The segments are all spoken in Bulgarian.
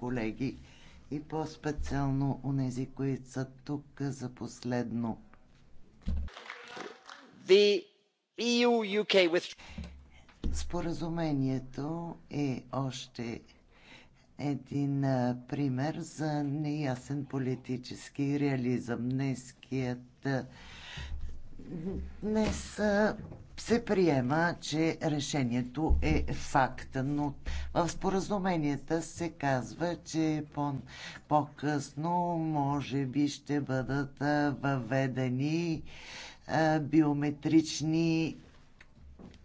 колеги и по-специално у нези, които са тук за последно. The EU UK with... Споразумението е още един пример за неясен политически реализъм. Днеският Днес се приема, че решението е факт, но в споразуменията се казва, че по- по-късно може би ще бъдат въведени биометрични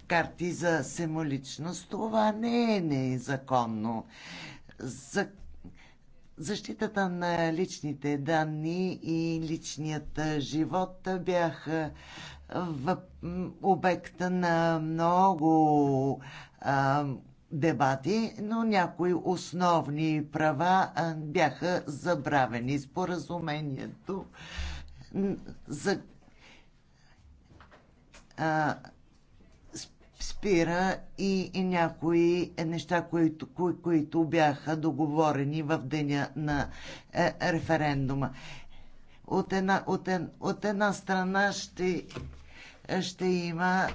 карти за самоличност. Това не е незаконно. За Защитата на личните данни и личният живот бяха в обекта на много а, дебати, но някои основни права а, бяха забравени. Споразумението за а, спира и, и някои неща, които, кои, които бяха договорени в деня на е, референдума. От една, от, ен, от една страна ще, ще има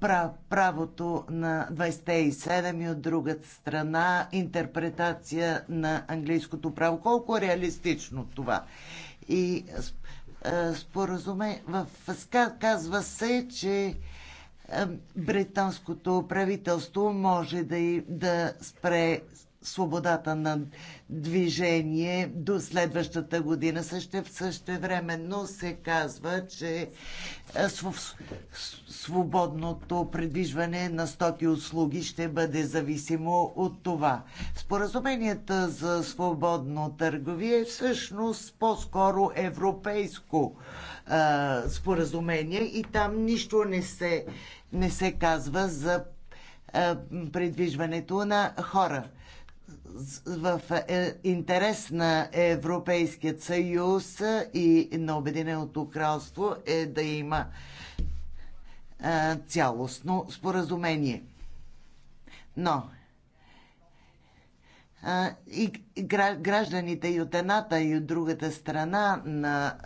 прав, правото на 27 и от друга страна интерпретация на английското право. Колко е реалистично това? И споразуме, в казва се, че британското правителство може да, и, да спре свободата на движение до следващата година. Също, време, но се казва, че е, свободното предвижване на стоки и услуги ще бъде зависимо от това. Споразуменията за свободно търговие е всъщност по-скоро европейско а, е, споразумение и там нищо не се, не се казва за е, предвижването на хора в е, интерес на Европейският съюз и на Обединеното кралство е да има е, цялостно споразумение. Но е, и гражданите и от едната и от другата страна на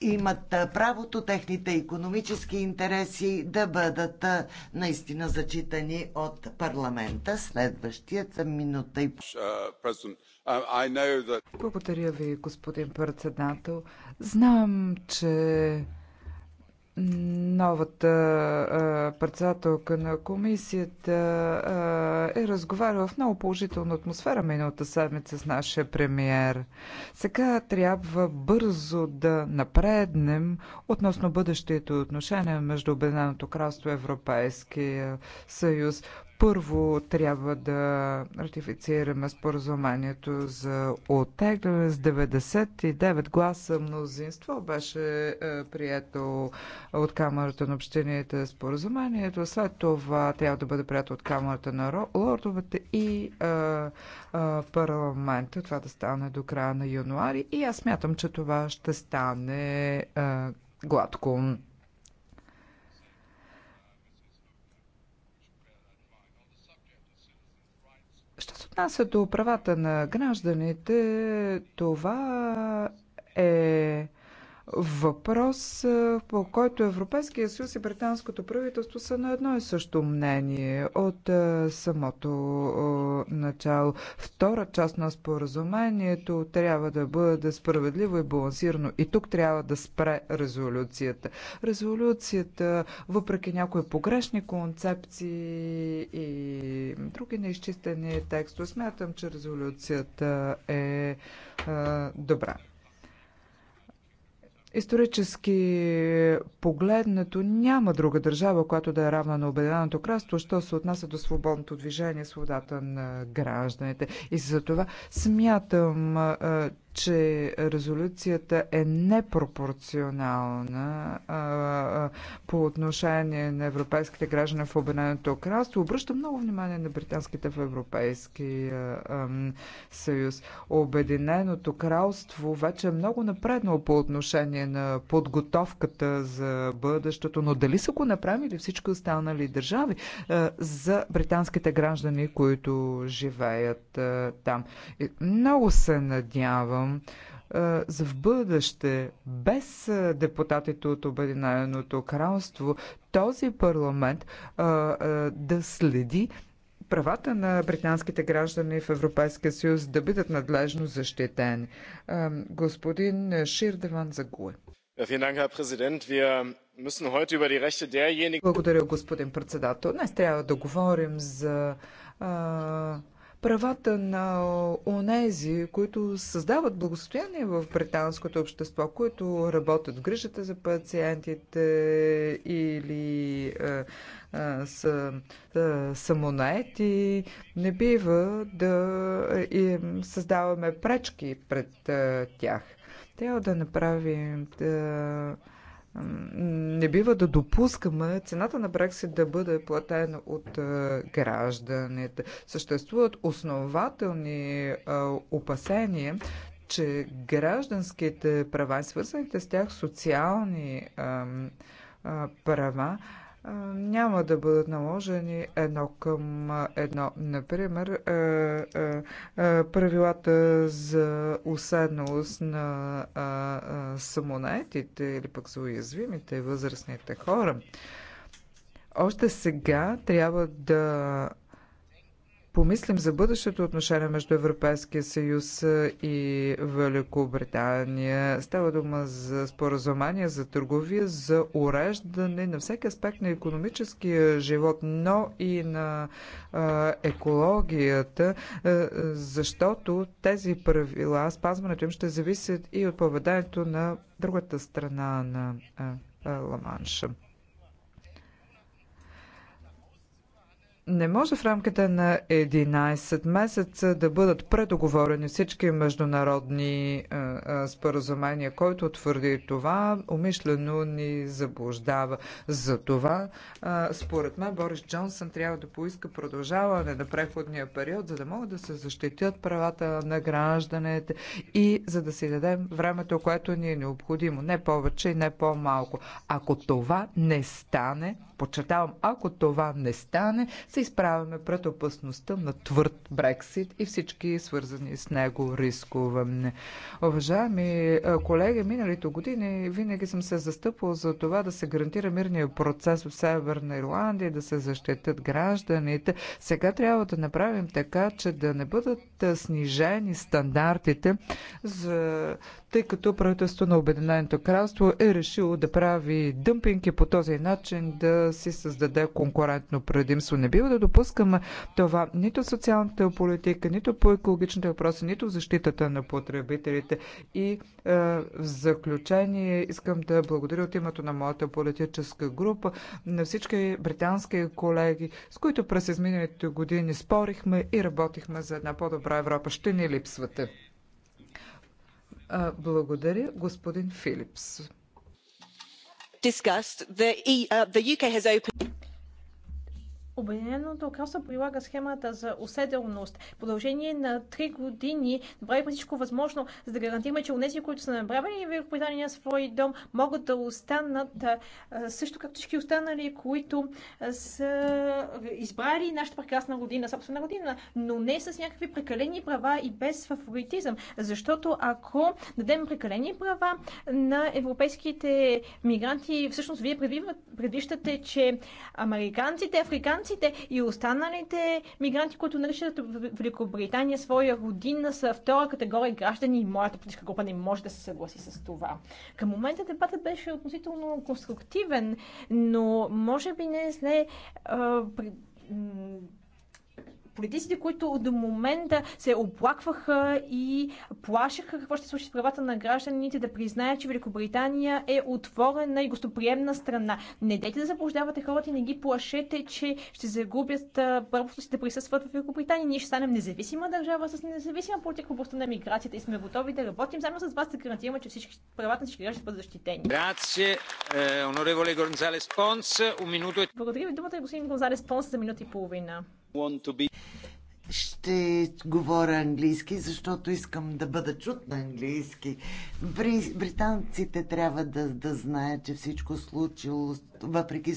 имат правото техните економически интереси да бъдат наистина зачитани от парламента. Следващият минута и... Uh, Благодаря ви, господин председател. Знам, че Новата а, председателка на комисията а, е разговаряла в много положителна атмосфера миналата седмица с нашия премиер. Сега трябва бързо да напреднем относно бъдещето отношение между Обединеното кралство и Европейския съюз. Първо трябва да ратифицираме споразумението за оттегляне с 99 гласа мнозинство. Беше е, прието от Камерата на общините споразумението. След това трябва да бъде прието от Камерата на лордовете и е, е, парламента. Това да стане до края на януари. И аз мятам, че това ще стане е, гладко. отнася до правата на гражданите, това е Въпрос, по който Европейския съюз и британското правителство са на едно и също мнение от самото начало. Втора част на споразумението трябва да бъде справедливо и балансирано. И тук трябва да спре резолюцията. Резолюцията, въпреки някои погрешни концепции и други неизчистени текстове, смятам, че резолюцията е добра. Исторически погледнато няма друга държава, която да е равна на Обединеното кралство, що се отнася до свободното движение, свободата на гражданите. И за това смятам, че резолюцията е непропорционална а, а, по отношение на европейските граждани в Обединеното кралство. Обръща много внимание на британските в а, съюз. Обединеното кралство вече е много напреднало по отношение на подготовката за бъдещето, но дали са го направили всички останали държави а, за британските граждани, които живеят там? И много се надявам план е, за в бъдеще, без е, депутатите от Обединеното кралство, този парламент е, да следи правата на британските граждани в Европейския съюз да бъдат надлежно защитени. Господин Ширдеван Загуе. Благодаря, господин председател. Днес трябва да говорим за а, правата на онези, които създават благосостояние в британското общество, които работят в грижата за пациентите или а, е, а, е, са а, е, самонаети, не бива да им създаваме пречки пред а, тях. Трябва да направим да, не бива да допускаме цената на Брексит да бъде платена от гражданите. Съществуват основателни опасения, че гражданските права, свързаните с тях социални права, няма да бъдат наложени едно към едно. Например, правилата за уседналост на самонаетите или пък за уязвимите възрастните хора. Още сега трябва да помислим за бъдещето отношение между Европейския съюз и Великобритания. Става дума за споразумение за търговия, за уреждане на всеки аспект на економическия живот, но и на а, екологията, а, защото тези правила, спазването им ще зависят и от поведението на другата страна на Ламанша. Не може в рамките на 11 месеца да бъдат предоговорени всички международни е, е, споразумения. Който твърди това, умишлено ни заблуждава. За това, е, според мен, Борис Джонсън трябва да поиска продължаване на преходния период, за да могат да се защитят правата на гражданите и за да си дадем времето, което ни е необходимо. Не повече и не по-малко. Ако това не стане, Подчертавам, ако това не стане, се изправяме пред опасността на твърд Брексит и всички свързани с него рискуване. Уважаеми е, колеги, миналите години винаги съм се застъпвал за това да се гарантира мирния процес в Северна Ирландия, да се защитят гражданите. Сега трябва да направим така, че да не бъдат е, снижени стандартите, за... тъй като правителството на Обединеното кралство е решило да прави дъмпинки по този начин да да си създаде конкурентно предимство. Не бива да допускаме това нито социалната политика, нито по екологичните въпроси, нито защитата на потребителите. И е, в заключение искам да благодаря от името на моята политическа група на всички британски колеги, с които през изминалите години спорихме и работихме за една по-добра Европа. Ще ни липсвате. Е, благодаря, господин Филипс discussed the uk has opened. Обединеното кралство прилага схемата за уседелност. В продължение на 3 години направихме всичко възможно, за да гарантираме, че унези, които са направили в Великобритания свой дом, могат да останат също както всички останали, които са избрали нашата прекрасна година, собствена година, но не с някакви прекалени права и без фаворитизъм. Защото ако дадем прекалени права на европейските мигранти, всъщност вие предвиждате, че американците, африканците, британците и останалите мигранти, които наричат Великобритания своя родина, са втора категория граждани и моята политическа група не може да се съгласи с това. Към момента дебатът беше относително конструктивен, но може би не зле политиците, които до момента се оплакваха и плашаха какво ще случи с правата на гражданите, да признаят, че Великобритания е отворена и гостоприемна страна. Не дайте да заблуждавате хората и не ги плашете, че ще загубят правото си да присъстват в Великобритания. Ние ще станем независима държава с независима политика в областта на миграцията и сме готови да работим заедно с вас да гарантираме, че всички правата на всички граждани ще бъдат защитени. Грация, е, онореволе Гонзалес Понс, е- Благодаря ви думата, е господин Гонзалес Понс, за минута и половина. Ще говоря английски, защото искам да бъда чут на английски. британците трябва да, да знаят, че всичко случило, въпреки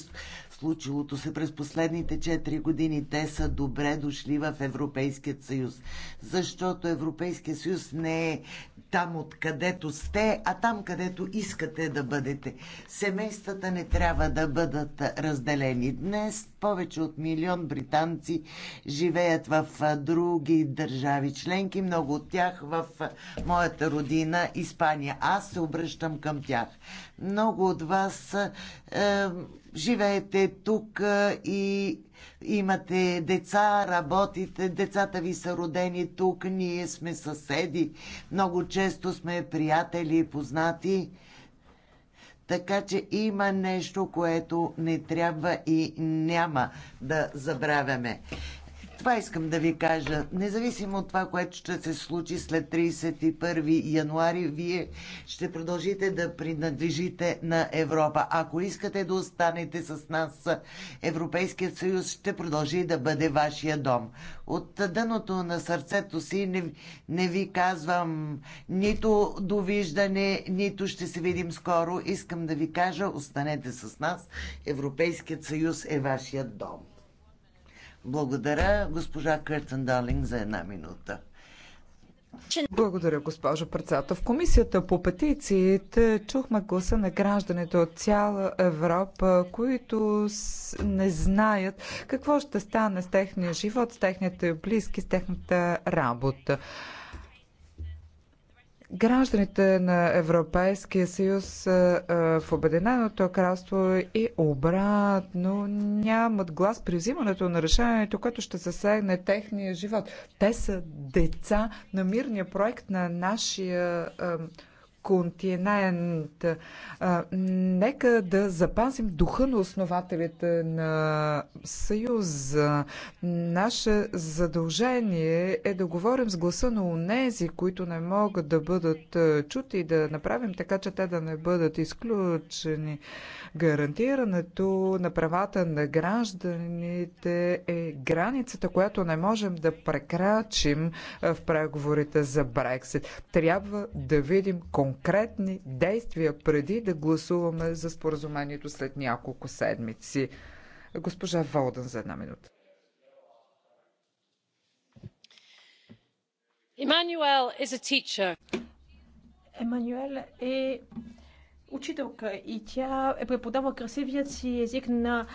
случилото се през последните 4 години, те са добре дошли в Европейският съюз. Защото Европейският съюз не е там, откъдето сте, а там, където искате да бъдете. Семействата не трябва да бъдат разделени. Днес повече от милион британци живеят в други държави членки, много от тях в моята родина Испания. Аз се обръщам към тях. Много от вас е, живеете тук и имате деца, работите, децата ви са родени тук, ние сме съседи, много често сме приятели и познати. Така че има нещо, което не трябва и няма да забравяме. Това искам да ви кажа. Независимо от това, което ще се случи след 31 януари, вие ще продължите да принадлежите на Европа. Ако искате да останете с нас, Европейският съюз ще продължи да бъде вашия дом. От дъното на сърцето си не, не ви казвам нито довиждане, нито ще се видим скоро. Искам да ви кажа, останете с нас. Европейският съюз е вашия дом. Благодаря, госпожа Къртен Далинг, за една минута. Благодаря, госпожо председател. В комисията по петициите чухме гласа на гражданите от цяла Европа, които не знаят какво ще стане с техния живот, с техните близки, с техната работа. Гражданите на Европейския съюз в Обединеното кралство и обратно нямат глас при взимането на решението, което ще засегне техния живот. Те са деца на мирния проект на нашия континент. А, нека да запазим духа на основателите на Съюза. Наше задължение е да говорим с гласа на унези, които не могат да бъдат чути и да направим така, че те да не бъдат изключени. Гарантирането на правата на гражданите е границата, която не можем да прекрачим в преговорите за Брексит. Трябва да видим конкретни действия преди да гласуваме за споразумението след няколко седмици. Госпожа Волден за една минута. Емануел е учителка и тя е преподавала красивият си език на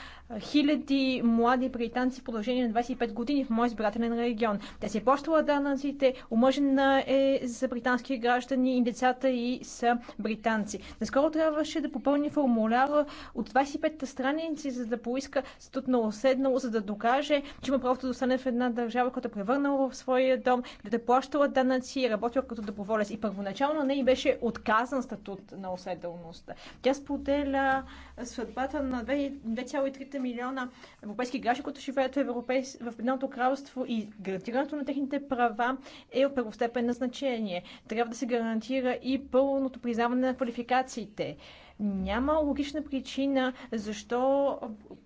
хиляди млади британци в продължение на 25 години в мой избирателен регион. Тя си е плащала данъците, омъжена е за британски граждани и децата и са британци. Наскоро трябваше да попълни формуляра от 25 страници, за да поиска статут на оседнало, за да докаже, че има правото да остане в една държава, която е превърнала в своя дом, да е плащала данъци и работила като доброволец. И първоначално не и беше отказан статут на оседнало сигурност. Тя споделя съдбата на 2,3 милиона европейски граждани, които живеят в, Европейс... в Единото кралство и гарантирането на техните права е от първостепенно значение. Трябва да се гарантира и пълното признаване на квалификациите. Няма логична причина защо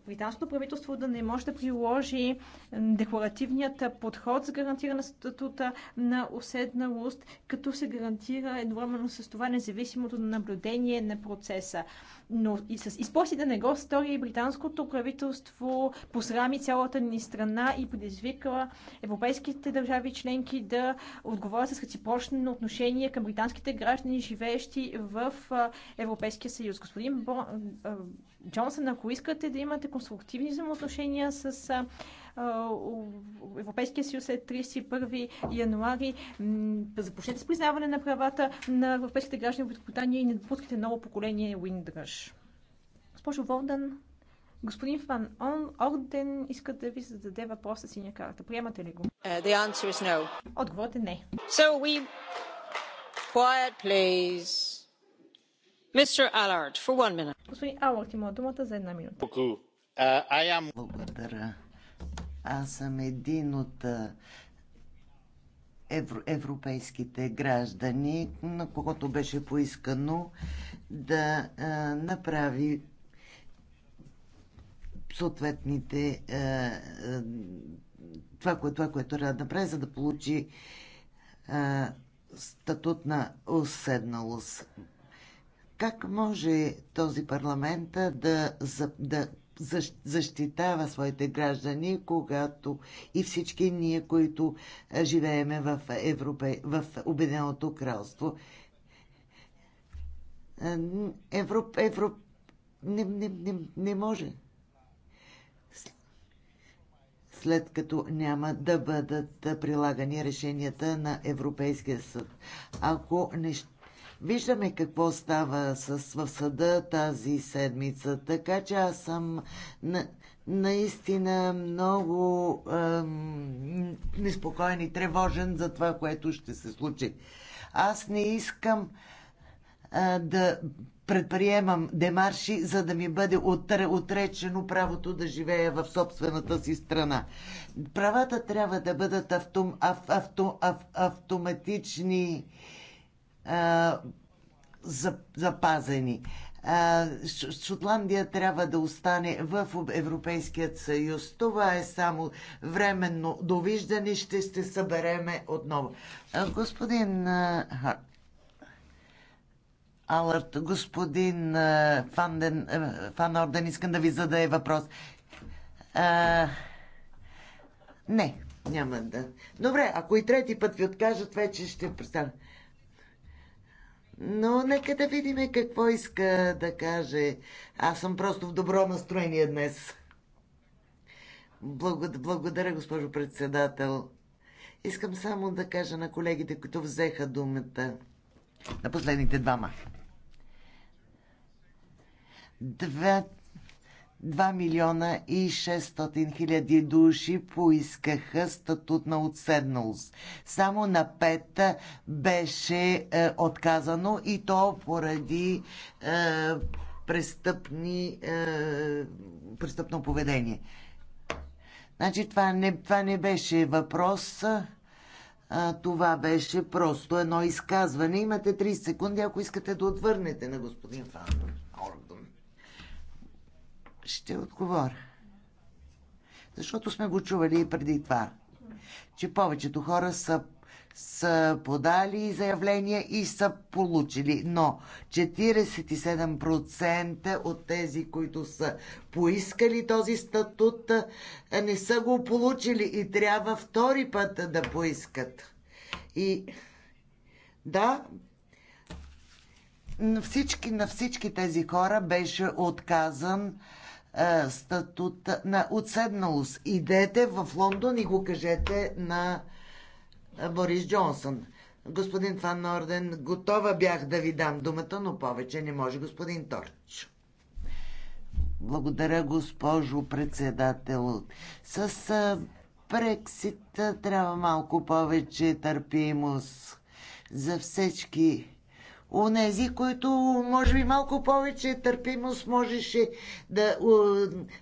британското правителство да не може да приложи декларативният подход за гарантиране статута на уседналост, като се гарантира едновременно с това независимото наблюдение на процеса но и с изпоси да не го стори британското правителство посрами цялата ни страна и предизвика европейските държави членки да отговорят с реципрочно отношение към британските граждани, живеещи в Европейския съюз. Господин Бо... Джонсън, ако искате да имате конструктивни взаимоотношения с Европейския съюз е 31 януари. Започнете с признаване на правата на европейските граждани в Великобритания и не допускайте ново поколение Уиндърж. Госпожо Волдан, господин Фан Он, Орден иска да ви зададе въпроса синя карта. Приемате ли го? Uh, no. Отговорът е не. So we... Quiet, please. Mr. Allard, for one minute. Господин Алард има думата за една минута. Uh, Благодаря. Аз съм един от евро, европейските граждани, на когото беше поискано да а, направи съответните а, това, кое, това, което трябва да направи, за да получи а, статут на уседналост. Как може този парламент да, да защитава своите граждани, когато и всички ние, които живееме в, Европе, в Обединеното кралство. Европ, Европ, не, не, не, не може. След като няма да бъдат прилагани решенията на Европейския съд. Ако неща Виждаме какво става с, в съда тази седмица, така че аз съм на, наистина много неспокоен и тревожен за това, което ще се случи. Аз не искам а, да предприемам демарши, за да ми бъде отречено правото да живея в собствената си страна. Правата трябва да бъдат авто, ав, авто, ав, автоматични запазени. Шотландия трябва да остане в Европейският съюз. Това е само временно довиждане. Ще се събереме отново. Господин Алърт, господин Фанден, Фан Орден, искам да ви задая въпрос. А, не, няма да. Добре, ако и трети път ви откажат, вече ще представя. Но нека да видим какво иска да каже. Аз съм просто в добро настроение днес. Благодаря, госпожо председател. Искам само да кажа на колегите, които взеха думата на последните двама. Две, 2 милиона и 600 хиляди души поискаха статут на отседналост. Само на пет беше е, отказано и то поради е, престъпни, е, престъпно поведение. Значи това не, това не беше въпрос, е, а, това беше просто едно изказване. Имате 30 секунди, ако искате да отвърнете на господин Фандър. Ще отговоря. Защото сме го чували и преди това, че повечето хора са са подали заявления и са получили. Но 47% от тези, които са поискали този статут, не са го получили и трябва втори път да поискат. И да, на всички, на всички тези хора беше отказан е, статут на отседналост. Идете в Лондон и го кажете на е, Борис Джонсън. Господин Фан Орден, готова бях да ви дам думата, но повече не може господин Торч. Благодаря, госпожо председател. С е, Брексит трябва малко повече търпимост за всички онези, които може би малко повече търпимост можеше да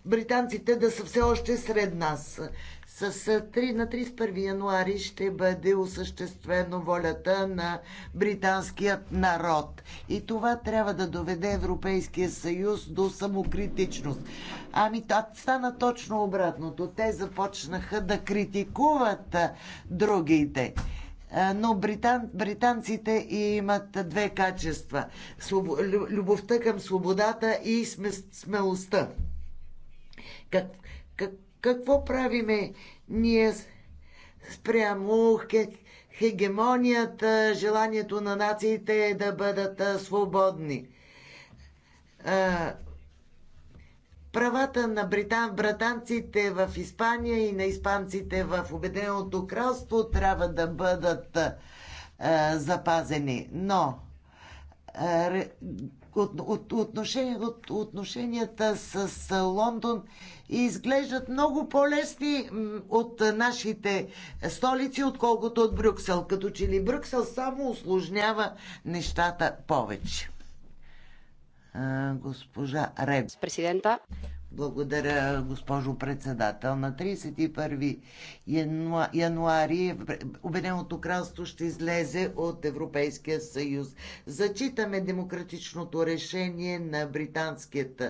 британците да са все още сред нас. С 3 на 31 януари ще бъде осъществено волята на британският народ. И това трябва да доведе Европейския съюз до самокритичност. Ами това стана точно обратното. Те започнаха да критикуват другите но британ, британците имат две качества Слоб, любовта към свободата и смелостта. Как, как, какво правиме ние спрямо хегемонията, желанието на нациите е да бъдат свободни? правата на британ, братанците в Испания и на испанците в Обединеното кралство трябва да бъдат е, запазени. Но е, от, от, отношения, от, отношенията с, Лондон изглеждат много по-лесни от нашите столици, отколкото от Брюксел. Като че ли Брюксел само осложнява нещата повече госпожа Ред. Президента. Благодаря, госпожо председател. На 31 януари Обединеното кралство ще излезе от Европейския съюз. Зачитаме демократичното решение на британският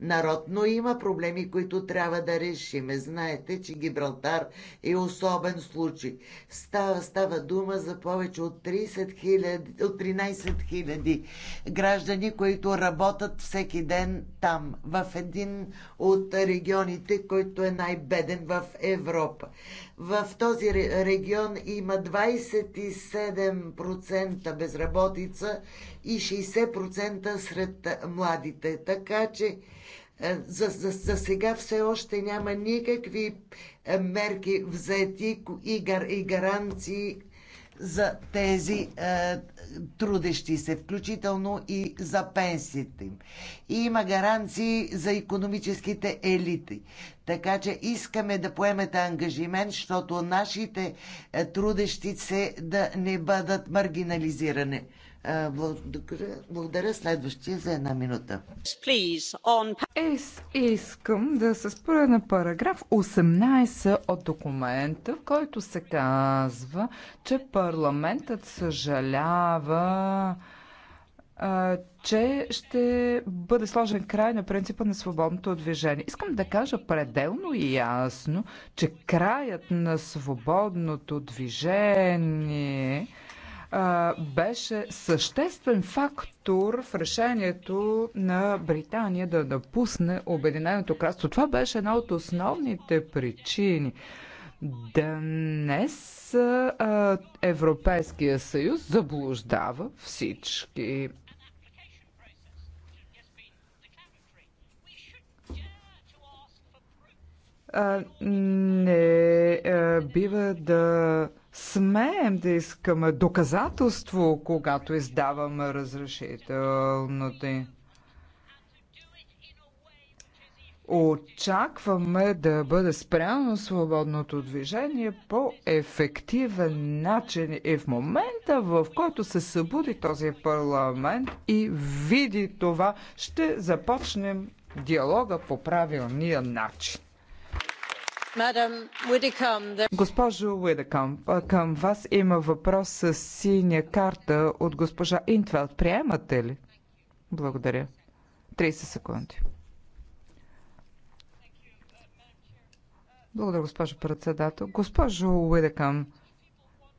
народ, но има проблеми, които трябва да решиме. Знаете, че Гибралтар е особен случай. Става, става дума за повече от, 30 000, от 13 000 граждани, които работят всеки ден там, в един от регионите, който е най-беден в Европа. В този регион има 27% безработица и 60% сред младите. Така че е, за, за, за сега все още няма никакви е, мерки взети и, гар, и гаранции за тези е, трудещи се, включително и за пенсиите им. И има гаранции за економическите елити. Така че искаме да поемете ангажимент, защото нашите е, трудещи се да не бъдат маргинализирани. Благодаря. Следващия за една минута. искам да се споря на параграф 18 от документа, в който се казва, че парламентът съжалява че ще бъде сложен край на принципа на свободното движение. Искам да кажа пределно и ясно, че краят на свободното движение беше съществен фактор в решението на Британия да напусне Обединеното кралство. Това беше една от основните причини. Днес Европейския съюз заблуждава всички. не бива да смеем да искаме доказателство, когато издаваме разрешителното. Очакваме да бъде спряно свободното движение по ефективен начин и в момента, в който се събуди този парламент и види това, ще започнем диалога по правилния начин. Госпожо Уидекамп, към вас има въпрос с синя карта от госпожа Интвелд. Приемате ли? Благодаря. 30 секунди. Благодаря, госпожо председател. Госпожо Уидекамп,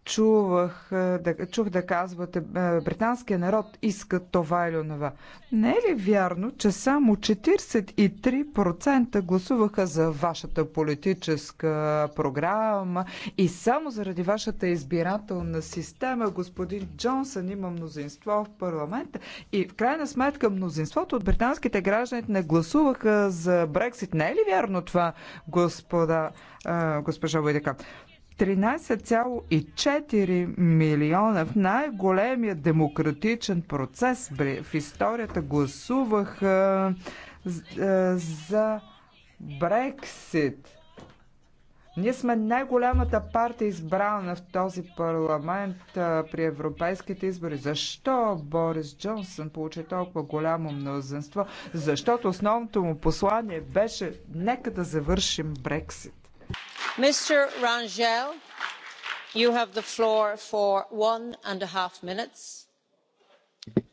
чувах, е, да, чух да казвате, е, британския народ иска това или онова. Не е ли вярно, че само 43% гласуваха за вашата политическа програма и само заради вашата избирателна система господин Джонсън има мнозинство в парламента и в крайна сметка мнозинството от британските граждани не гласуваха за Брексит. Не е ли вярно това, господа, е, госпожа Войдека? 13,4 милиона в най-големия демократичен процес в историята гласуваха е, за Брексит. Ние сме най-голямата партия избрана в този парламент е, при европейските избори. Защо Борис Джонсън получи толкова голямо мнозинство? Защото основното му послание беше нека да завършим Брексит mr rangel you have the floor for one and a half minutes.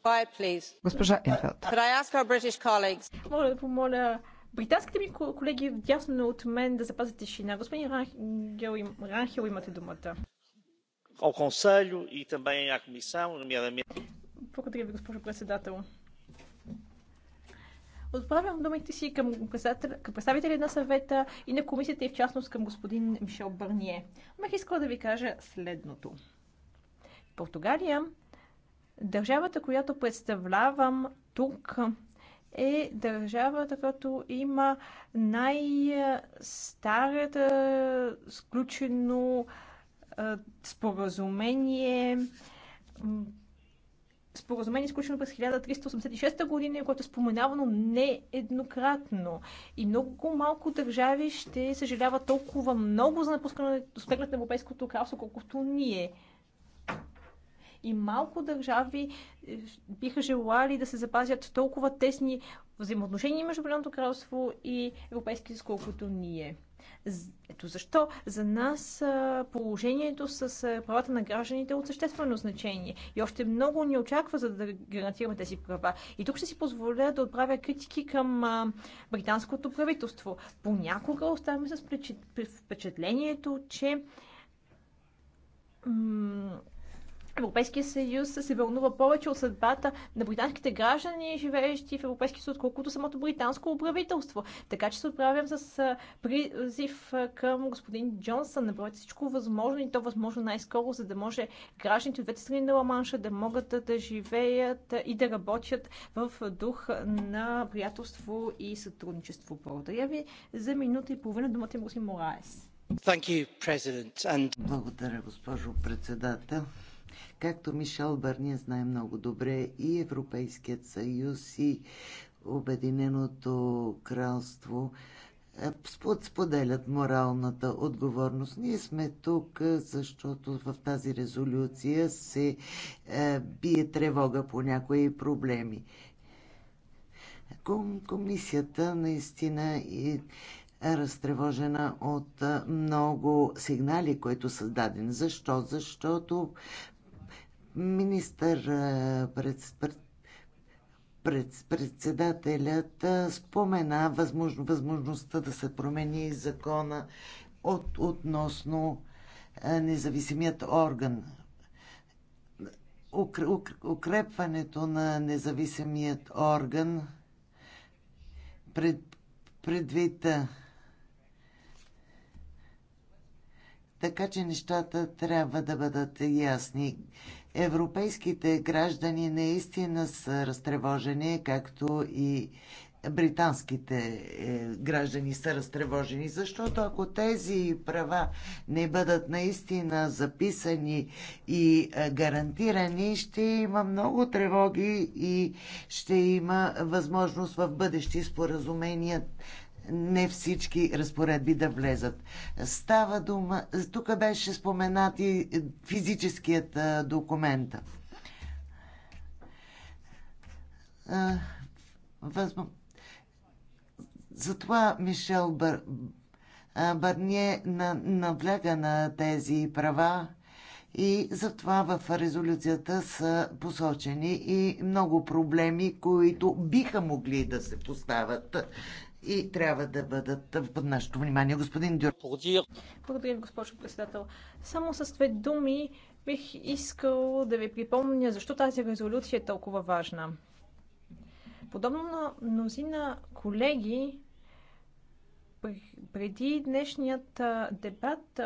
Quiet, please. Could I ask our British colleagues? Моля да помоля британските ми колеги вдясно от мен да запазят тишина. Господин Ранхел, имате думата. Ao Conselho e também à Comissão, nomeadamente. Благодаря ви, госпожо председател. Отправям думите си към, към представители на съвета и на комисията и в частност към господин Мишел Бърние. Бих искала да ви кажа следното. В Португалия, държавата, която представлявам тук, е държавата, която има най-старата сключено споразумение споразумение, изключено през 1386 година, което е споменавано нееднократно, И много малко държави ще съжаляват толкова много за напускането на Европейското кралство, колкото ние и малко държави е, биха желали да се запазят толкова тесни взаимоотношения между Обединеното кралство и европейски, сколкото колкото ние. Ето защо за нас положението с правата на гражданите е от съществено значение и още много ни очаква за да гарантираме тези права. И тук ще си позволя да отправя критики към британското правителство. Понякога оставаме с впечатлението, че Европейския съюз се вълнува повече от съдбата на британските граждани, живеещи в Европейския съюз, отколкото самото британско правителство. Така че се отправям с призив към господин Джонсън. Направете всичко възможно и то възможно най-скоро, за да може гражданите от двете страни на Ламанша да могат да живеят и да работят в дух на приятелство и сътрудничество. Благодаря ви за минута и половина. Думата им господин Мораес. Thank you, President. And... Благодаря, госпожо председател. Както Мишел Бърния знае много добре и Европейският съюз и Обединеното кралство е, споделят моралната отговорност. Ние сме тук, е, защото в тази резолюция се е, бие тревога по някои проблеми. Комисията наистина е разтревожена от много сигнали, които са дадени. Защо? Защото Министър пред, пред, пред, председателят спомена възможно, възможността да се промени закона от, относно независимият орган. Укрепването на независимият орган пред, предвид така че нещата трябва да бъдат ясни. Европейските граждани наистина са разтревожени, както и британските е, граждани са разтревожени, защото ако тези права не бъдат наистина записани и е, гарантирани, ще има много тревоги и ще има възможност в бъдещи споразумения не всички разпоредби да влезат. Става дума, тук беше споменат и физическият документ. Затова Мишел Бър... Барние навляга на тези права и затова в резолюцията са посочени и много проблеми, които биха могли да се поставят и трябва да бъдат под нашето внимание. Господин Дюр. Благодаря ви, госпожо председател. Само с две думи бих искал да ви припомня защо тази резолюция е толкова важна. Подобно на мнозина колеги, преди днешният дебат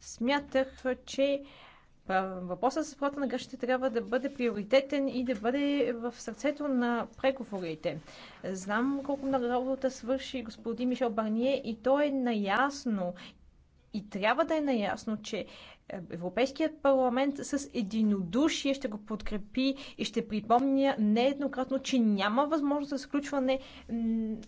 смятах, че Въпросът с правата на грешните трябва да бъде приоритетен и да бъде в сърцето на преговорите. Знам колко много работа свърши господин Мишел Барние и той е наясно и трябва да е наясно, че Европейският парламент с единодушие ще го подкрепи и ще припомня нееднократно, че няма възможност за сключване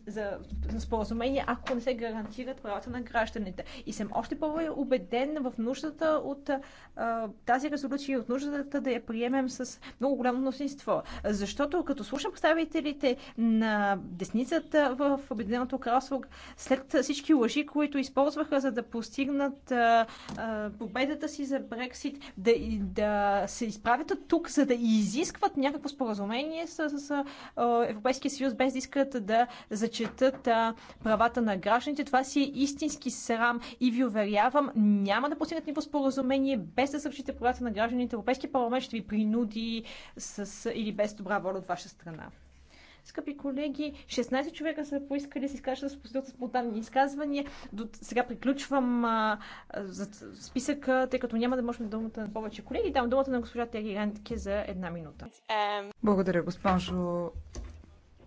за, споразумение, ако не се гарантират правата на гражданите. И съм още по-убеден в нуждата от а, тази резолюция и от нуждата да я приемем с много голямо мнозинство. Защото като слушам представителите на десницата в Обединеното кралство, след всички лъжи, които използваха за да постигнат а, а, победата си за Брексит, да, да се изправят тук, за да изискват някакво споразумение с, с, с Европейския съюз, без да искат да зачетат а, правата на гражданите. Това си е истински срам и ви уверявам, няма да постигнат ниво споразумение без да съвчите правата на гражданите. Европейския парламент ще ви принуди с или без добра воля от ваша страна. Скъпи колеги, 16 човека са поискали да се изкажат с процедурата спонтанни изказвания. До сега приключвам а, за списъка, тъй като няма да можем да думата на повече колеги. Дам думата на госпожа Тегирантке за една минута. Благодаря, госпожо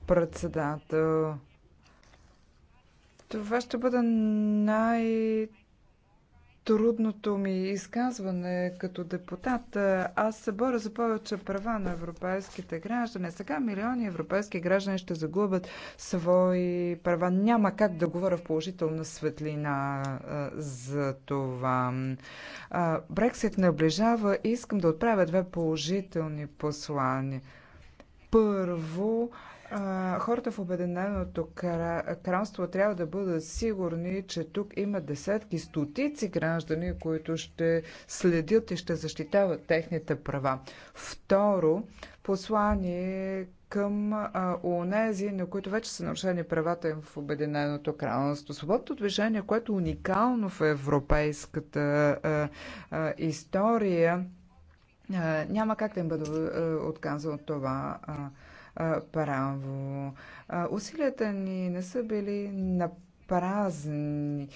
председател. Това ще бъде най- трудното ми изказване като депутат. Аз се боря за повече права на европейските граждани. Сега милиони европейски граждани ще загубят свои права. Няма как да говоря в положителна светлина за това. Брексит наближава и искам да отправя две положителни послания. Първо, а, хората в Обединеното кралство трябва да бъдат сигурни, че тук има десетки, стотици граждани, които ще следят и ще защитават техните права. Второ, послание към онези, на които вече са нарушени правата им в Обединеното кралство. Свободното движение, което е уникално в европейската а, а, история, а, няма как да им бъде отказано от това. А, право. Усилията ни не са били на празни.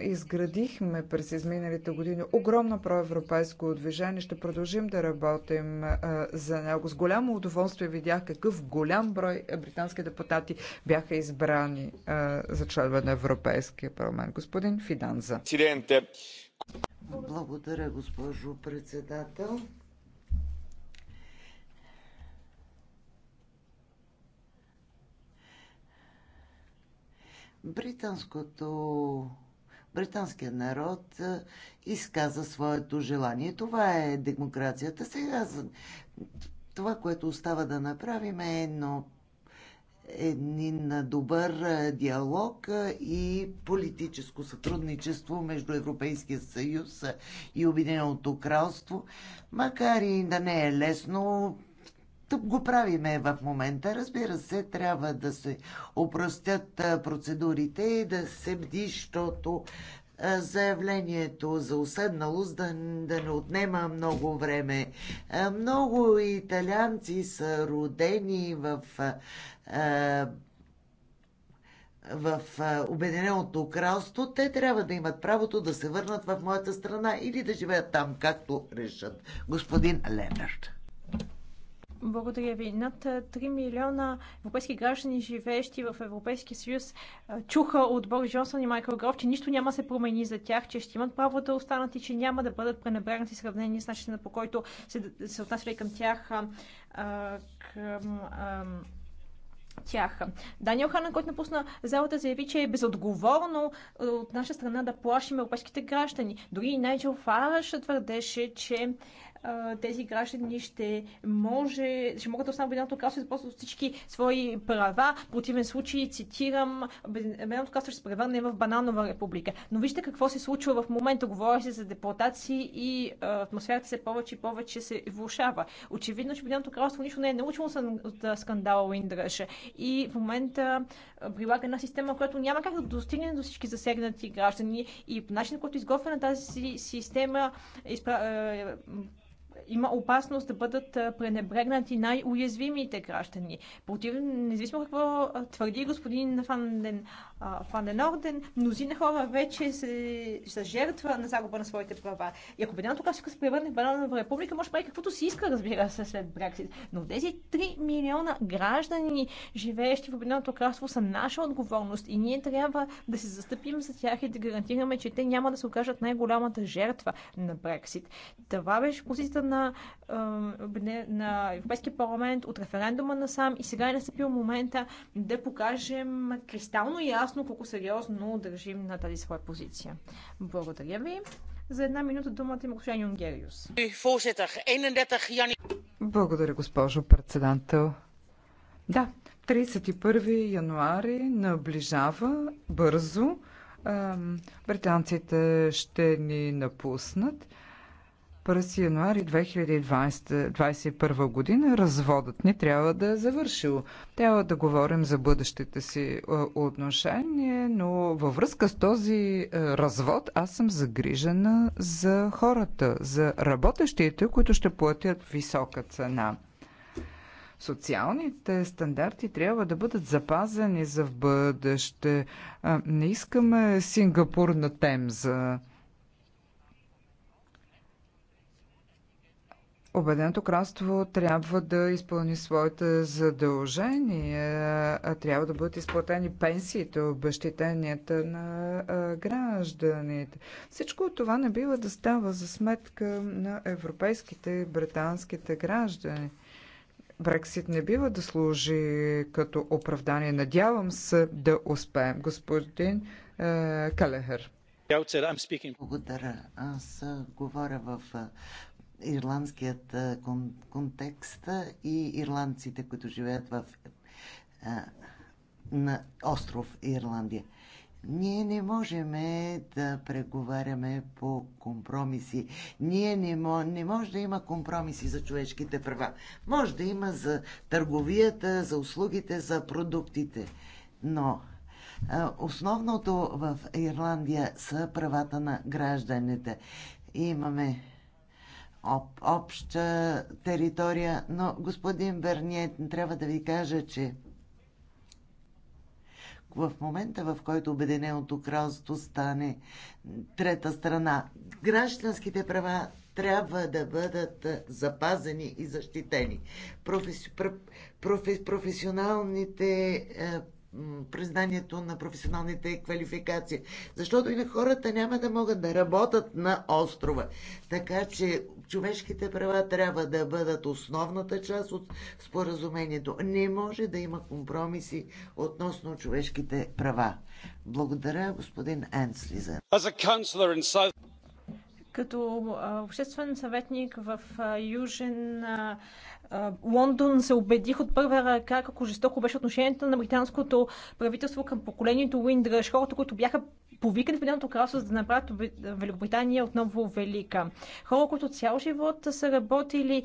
Изградихме през изминалите години огромно проевропейско движение. Ще продължим да работим за него. С голямо удоволствие видях какъв голям брой британски депутати бяха избрани за членове на Европейския парламент. Господин Фиданза. Благодаря, госпожо председател. британското британският народ изказа своето желание. Това е демокрацията. Сега това, което остава да направим е едно на добър диалог и политическо сътрудничество между Европейския съюз и Обединеното кралство. Макар и да не е лесно, го правиме в момента. Разбира се, трябва да се опростят процедурите и да се бди, защото заявлението за уседналост да, да не отнема много време. Много италианци са родени в в Обединеното кралство, те трябва да имат правото да се върнат в моята страна или да живеят там, както решат господин Ленард. Благодаря ви. Над 3 милиона европейски граждани, живеещи в Европейския съюз, чуха от Борис Джонсън и Майкъл Гров, че нищо няма да се промени за тях, че ще имат право да останат и че няма да бъдат пренебрегнати сравнени с начина по който се, се отнасяли към тях а, към а, тях. Даниел Ханан, който напусна залата, заяви, че е безотговорно от наша страна да плашим европейските граждани. Дори и Найджел Фараш твърдеше, че тези граждани ще може, ще могат да останат Обединеното кралство и използват всички свои права. В противен случай, цитирам, Обединеното кралство ще се превърне в бананова република. Но вижте какво се случва в момента. Говори се за депортации и атмосферата се повече и повече се влушава. Очевидно, че Обединеното кралство нищо не е научило от скандала Уиндръж. И в момента прилага една система, която няма как да достигне до всички засегнати граждани и по начин, който е изготвена тази система изпра има опасност да бъдат пренебрегнати най-уязвимите граждани. Против, независимо какво твърди господин Фанден Фанен Орден, мнозина хора вече се, са жертва на загуба на своите права. И ако Обединеното кралство се превърне в бананова република, може да прави каквото си иска, разбира се, след Брексит. Но тези 3 милиона граждани, живеещи в Обединеното кралство, са наша отговорност и ние трябва да се застъпим за тях и да гарантираме, че те няма да се окажат най-голямата жертва на Брексит. Това беше позицията на, на Европейския парламент от референдума насам и сега е настъпил момента да покажем кристално ясно, ясно колко сериозно държим на тази своя позиция. Благодаря ви. За една минута думата има госпожа Юнгериус. Благодаря, госпожо председател. Да, 31 януари наближава бързо. Британците ще ни напуснат. През януари 2021 година разводът ни трябва да е завършил. Трябва да говорим за бъдещите си отношения, но във връзка с този развод аз съм загрижена за хората, за работещите, които ще платят висока цена социалните стандарти трябва да бъдат запазени за в бъдеще. Не искаме Сингапур на Темза. Обеденото кралство трябва да изпълни своите задължения, трябва да бъдат изплатени пенсиите, обещетенията на гражданите. Всичко това не бива да става за сметка на европейските и британските граждани. Брексит не бива да служи като оправдание. Надявам се да успеем. Господин Калехър. Калехер. Благодаря. Аз говоря в ирландският контекст и ирландците, които живеят в, на остров Ирландия. Ние не можем да преговаряме по компромиси. Ние не, мо, не може да има компромиси за човешките права. Може да има за търговията, за услугите, за продуктите. Но основното в Ирландия са правата на гражданите. Имаме об, обща територия, но господин Берние, трябва да ви кажа, че в момента, в който Обединеното кралство стане трета страна, гражданските права трябва да бъдат запазени и защитени. Професи, проф, професионалните е, признанието на професионалните квалификации. Защото и на хората няма да могат да работят на острова. Така че човешките права трябва да бъдат основната част от споразумението. Не може да има компромиси относно човешките права. Благодаря, господин Енслизен. Като обществен съветник в Южен Лондон се убедих от първа ръка колко жестоко беше отношението на британското правителство към поколението Уиндръж. Хората, които бяха повикат в Обединеното кралство, за да направят Великобритания отново велика. Хора, които цял живот са работили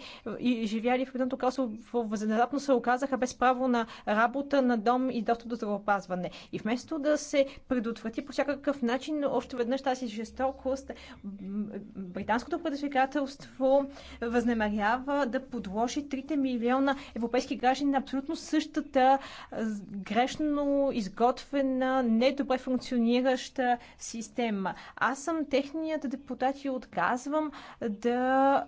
е, и живяли в Обединеното кралство, възнезапно се оказаха без право на работа, на дом и достъп до здравеопазване. И вместо да се предотврати по всякакъв начин, още веднъж тази жестокост, британското предизвикателство възнамерява да подложи 3 милиона европейски граждани на абсолютно същата грешно изготвена, недобре функционираща система. Аз съм техният депутат и отказвам да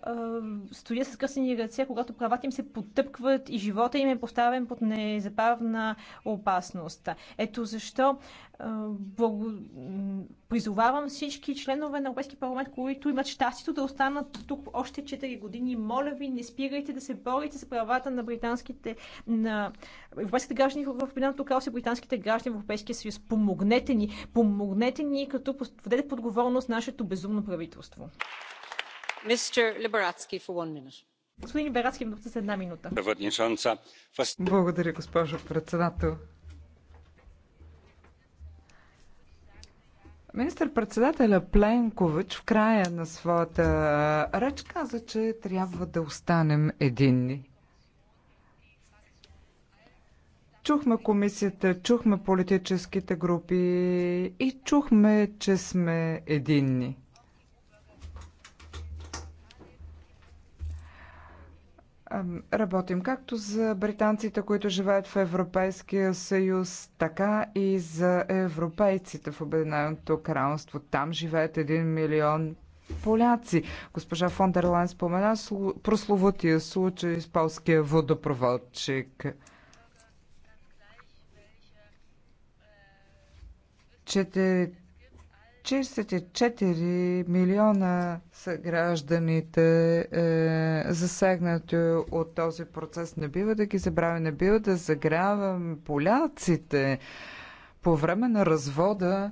стоя с късени ръце, когато правата им се потъпкват и живота им е поставен под незабавна опасност. Ето защо Благо... Призовавам всички членове на Европейски парламент, които имат щастието да останат тук още 4 години. Моля ви, не спирайте да се борите за правата на британските, на европейските граждани в Обединеното кралство и британските граждани в Европейския съюз. Помогнете ни, помогнете ни, като подведете подговорност нашето безумно правителство. Либерацки, Господин Либерацки, за една минута. Благодаря, госпожо председател. Министър-председателя Пленкович в края на своята реч каза, че трябва да останем единни. Чухме комисията, чухме политическите групи и чухме, че сме единни. Работим както за британците, които живеят в Европейския съюз, така и за европейците в Обединеното кралство. Там живеят един милион поляци. Госпожа фон дер Лайн спомена прословутия случай с полския водопроводчик. Четири 44 милиона са гражданите е, засегнати от този процес. Не бива да ги забравя, не бива да загравям поляците. По време на развода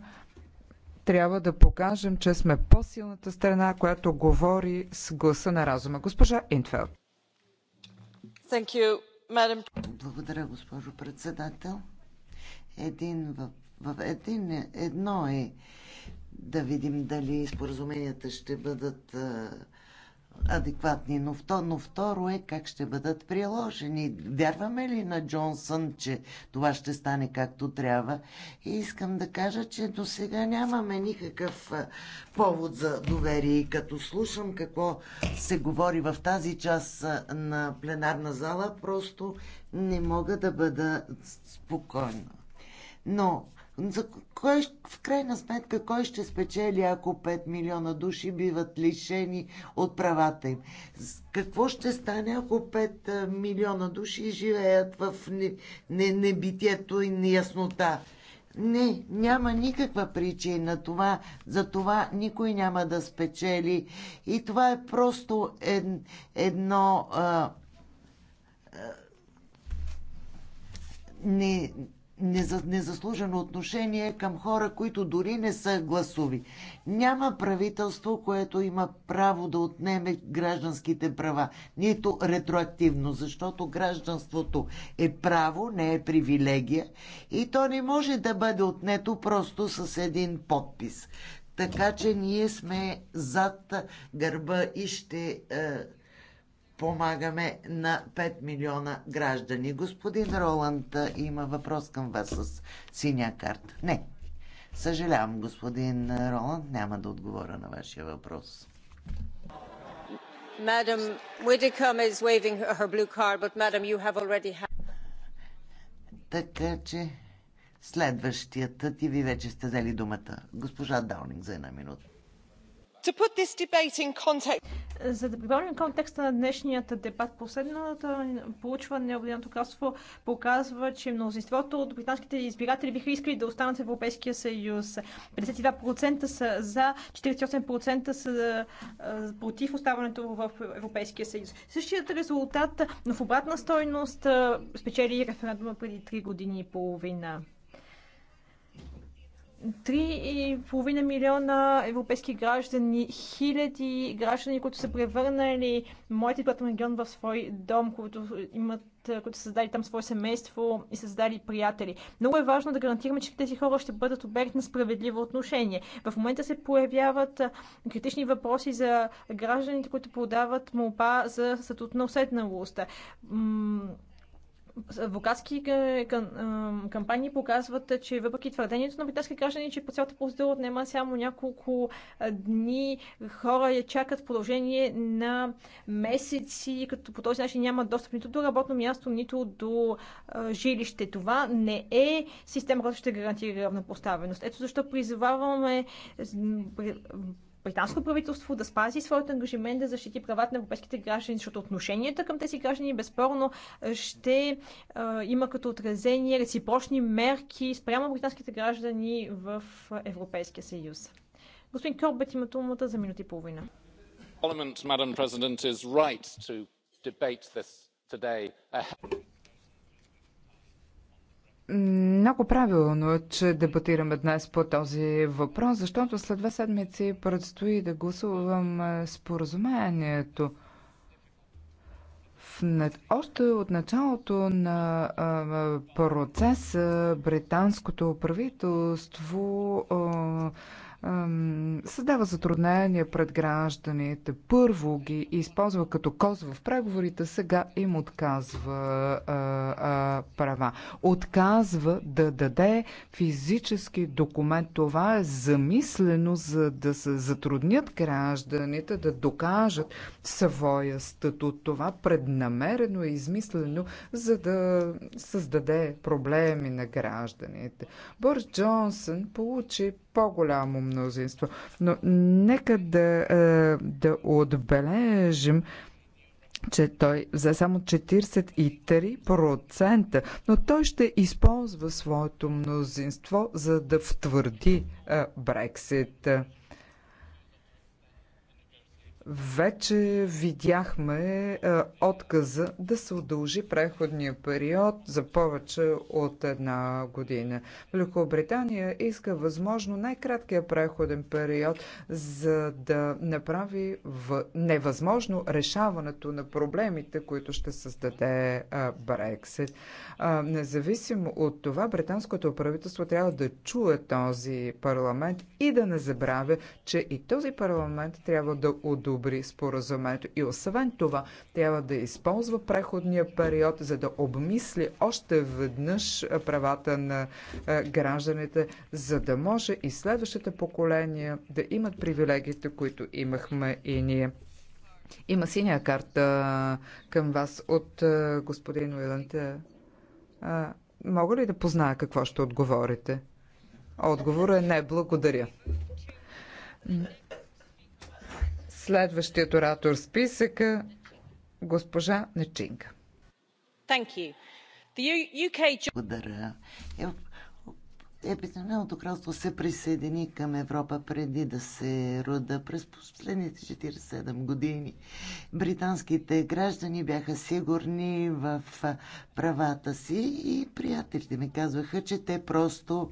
трябва да покажем, че сме по-силната страна, която говори с гласа на разума. Госпожа Инфелд. Благодаря, госпожо председател. Един в, в един, е- едно е да видим дали споразуменията ще бъдат адекватни. Но второ, но второ е как ще бъдат приложени. Вярваме ли на Джонсън, че това ще стане както трябва? И искам да кажа, че до сега нямаме никакъв повод за доверие. И като слушам какво се говори в тази част на пленарна зала, просто не мога да бъда спокойна. Но за кой, в крайна сметка, кой ще спечели, ако 5 милиона души биват лишени от правата им? Какво ще стане, ако 5 милиона души живеят в небитието не, не и неяснота? Не, няма никаква причина това. За това никой няма да спечели. И това е просто ед, едно. А, а, не, незаслужено отношение към хора, които дори не са гласови. Няма правителство, което има право да отнеме гражданските права, нито ретроактивно, защото гражданството е право, не е привилегия и то не може да бъде отнето просто с един подпис. Така че ние сме зад гърба и ще. Е, помагаме на 5 милиона граждани. Господин Роланд има въпрос към вас с синя карта. Не. Съжалявам, господин Роланд, няма да отговоря на вашия въпрос. Madam is waving her blue card, but madam, you have already had... Така че следващият ти ви вече сте взели думата. Госпожа Даунинг за една минута. За да припомним контекста на днешният дебат, последната получване на Обединеното кралство показва, че мнозинството от британските избиратели биха искали да останат в Европейския съюз. 52% са за, 48% са против оставането в Европейския съюз. Същият резултат, но в обратна стойност, спечели референдума преди 3 години и половина. 3,5 милиона европейски граждани, хиляди граждани, които са превърнали моят избирателен регион в свой дом, които имат които са създали там свое семейство и създали приятели. Много е важно да гарантираме, че тези хора ще бъдат обект на справедливо отношение. В момента се появяват критични въпроси за гражданите, които подават молба за статут на уседналост адвокатски е, е, кампании показват, е, че въпреки твърдението на британски граждани, че по цялата процедура отнема само няколко дни, хора я чакат в продължение на месеци, като по този начин няма достъп нито до работно място, нито до жилище. Това не е система, която ще гарантира равнопоставеност. Ето защо призоваваме британското правителство да спази своят ангажимент да защити правата на европейските граждани, защото отношенията към тези граждани безспорно ще а, има като отразение реципрочни мерки спрямо британските граждани в Европейския съюз. Господин Корбет има думата за минути и половина. Parliament, Madam President, is right to debate this today. Много правилно е, че дебатираме днес по този въпрос, защото след две седмици предстои да гласувам споразумението. Още от началото на процеса британското правителство създава затруднения пред гражданите. Първо ги използва като коз в преговорите, сега им отказва а, а, права. Отказва да даде физически документ. Това е замислено, за да се затруднят гражданите да докажат своя статут. Това преднамерено е измислено, за да създаде проблеми на гражданите. Борис Джонсън получи по-голямо мнение мнозинство. Но нека да, е, да отбележим, че той за само 43%, но той ще използва своето мнозинство, за да втвърди е, Брексит. Вече видяхме е, отказа да се удължи преходния период за повече от една година. Великобритания иска възможно най-краткия преходен период, за да направи невъзможно решаването на проблемите, които ще създаде е, Брексит. Е, независимо от това, британското правителство трябва да чуе този парламент и да не забравя, че и този парламент трябва да удължи Добри споразумението. И освен това, трябва да използва преходния период, за да обмисли още веднъж правата на гражданите, за да може и следващите поколения да имат привилегиите, които имахме и ние. Има синя карта към вас от господин Уиланте. Мога ли да позная какво ще отговорите? Отговорът е не, благодаря. Следващият оратор списъка госпожа Нечинка. Благодаря. Е, Обединеното кралство се присъедини към Европа преди да се рода. През последните 47 години британските граждани бяха сигурни в правата си и приятелите ми казваха, че те просто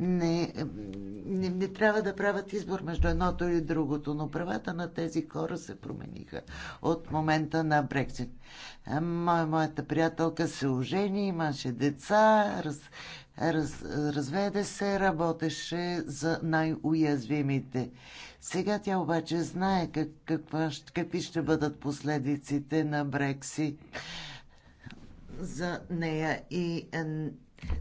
не, не, не трябва да правят избор между едното или другото, но правата на тези хора се промениха от момента на Брексит. Моята приятелка се ожени, имаше деца, раз, раз, разведе се, работеше за най-уязвимите. Сега тя обаче знае как, каква, какви ще бъдат последиците на Брекси за нея и е,